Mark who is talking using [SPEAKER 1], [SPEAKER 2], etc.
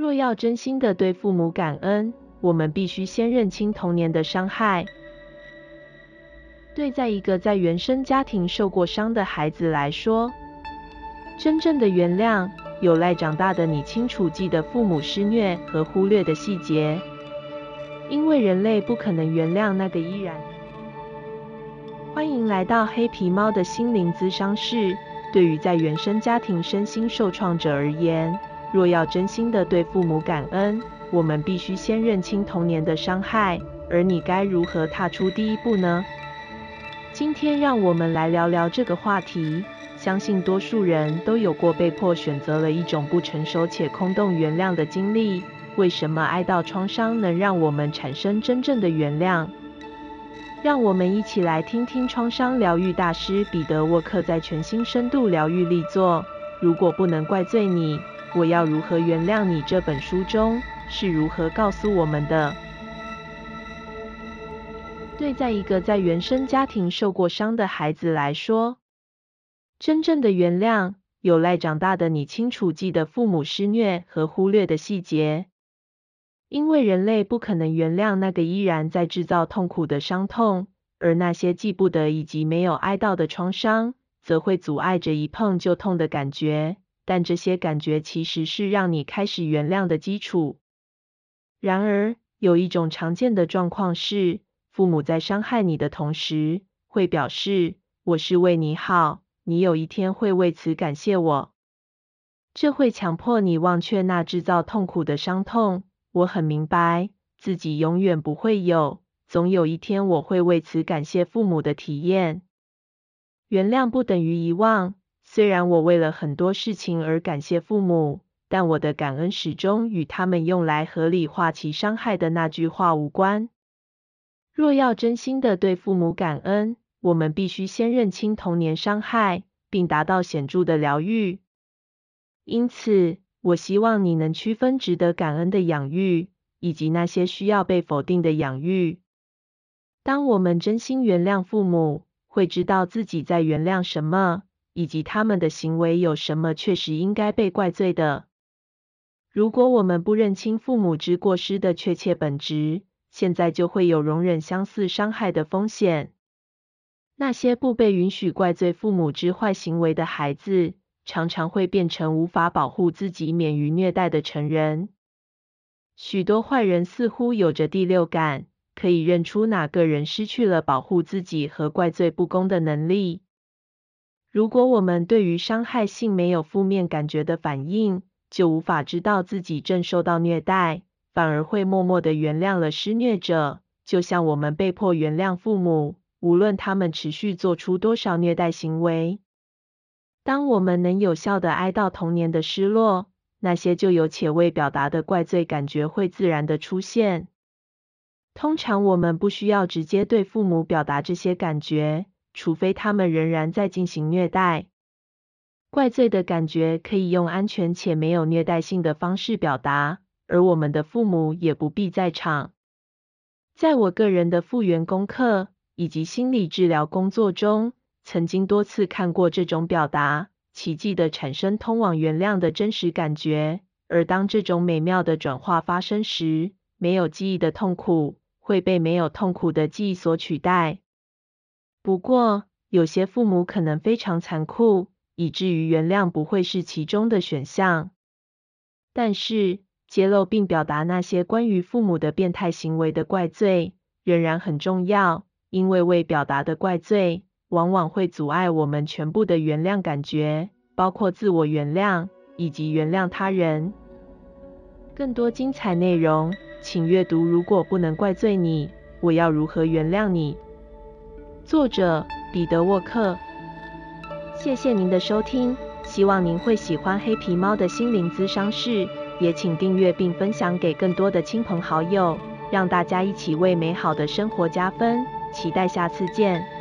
[SPEAKER 1] 若要真心地對父母感恩，我們必須先認清童年的傷害。對在一個在原生家庭受過傷的孩子來說，真正的原諒有賴長大的你清楚記得父母施虐和忽略的細節，因為人類不可能原諒那個依然。歡迎來到黑皮貓的心靈諮商室，對於在原生家庭身心受創者而言。若要真心地對父母感恩，我們必須先認清童年的傷害。而你該如何踏出第一步呢？今天讓我們來聊聊這個話題。相信多數人都有過被迫選擇了一種不成熟且空洞原諒的經歷。為什麼哀悼創傷能讓我們產生真正的原諒？讓我們一起來聽聽創傷療癒大師彼得沃克在全新深度療癒力作《如果不能怪罪你》。我要如何原諒你？這本書中是如何告訴我們的？對，在一個在原生家庭受過傷的孩子來說，真正的原諒有賴長大的你清楚記得父母施虐和忽略的細節。因為人類不可能原諒那個依然在製造痛苦的傷痛，而那些記不得以及沒有哀悼的創傷，則會阻礙着一碰就痛的感覺。但這些感覺其實是讓你開始原諒的基礎。然而，有一種常見的狀況是，父母在傷害你的同時，會表示“我是為你好，你有一天會為此感謝我”。這會強迫你忘卻那制造痛苦的傷痛。我很明白，自己永遠不會有，總有一天我會為此感謝父母的體驗。原諒不等於遺忘。雖然我為了很多事情而感謝父母，但我的感恩始終與他們用來合理化其傷害的那句話無關。若要真心地對父母感恩，我們必須先認清童年傷害，並達到顯著的療癒。因此，我希望你能區分值得感恩的養育，以及那些需要被否定的養育。當我們真心原諒父母，會知道自己在原諒什麼。以及他們的行為有什麼確實應該被怪罪的？如果我們不認清父母之過失的確切本質，現在就會有容忍相似傷害的風險。那些不被允許怪罪父母之壞行為的孩子，常常會變成無法保護自己免於虐待的成人。許多壞人似乎有着第六感，可以認出哪個人失去了保護自己和怪罪不公的能力。如果我們對於傷害性沒有負面感覺的反應，就無法知道自己正受到虐待，反而會默默地原諒了施虐者，就像我們被迫原諒父母，無論他們持續做出多少虐待行為。當我們能有效地哀悼童年的失落，那些就有且未表達的怪罪感覺會自然地出現。通常我們不需要直接對父母表達這些感覺。除非他們仍然在進行虐待，怪罪的感覺可以用安全且沒有虐待性的方式表達，而我們的父母也不必在場。在我個人的復原功課以及心理治療工作中，曾經多次看過這種表達奇蹟的產生，通往原諒的真實感覺。而當這種美妙的轉化發生時，沒有記憶的痛苦會被沒有痛苦的記憶所取代。不過，有些父母可能非常殘酷，以至於原諒不會是其中的選項。但是，揭露並表達那些關於父母的變態行為的怪罪，仍然很重要，因為未表達的怪罪往往會阻礙我們全部的原諒感覺，包括自我原諒以及原諒他人。更多精彩內容，請閱讀《如果不能怪罪你，我要如何原諒你》。作者彼得沃克，謝謝您的收聽，希望您會喜歡《黑皮貓的心靈諮商室》，也請訂閱並分享給更多的親朋好友，讓大家一起為美好的生活加分。期待下次見。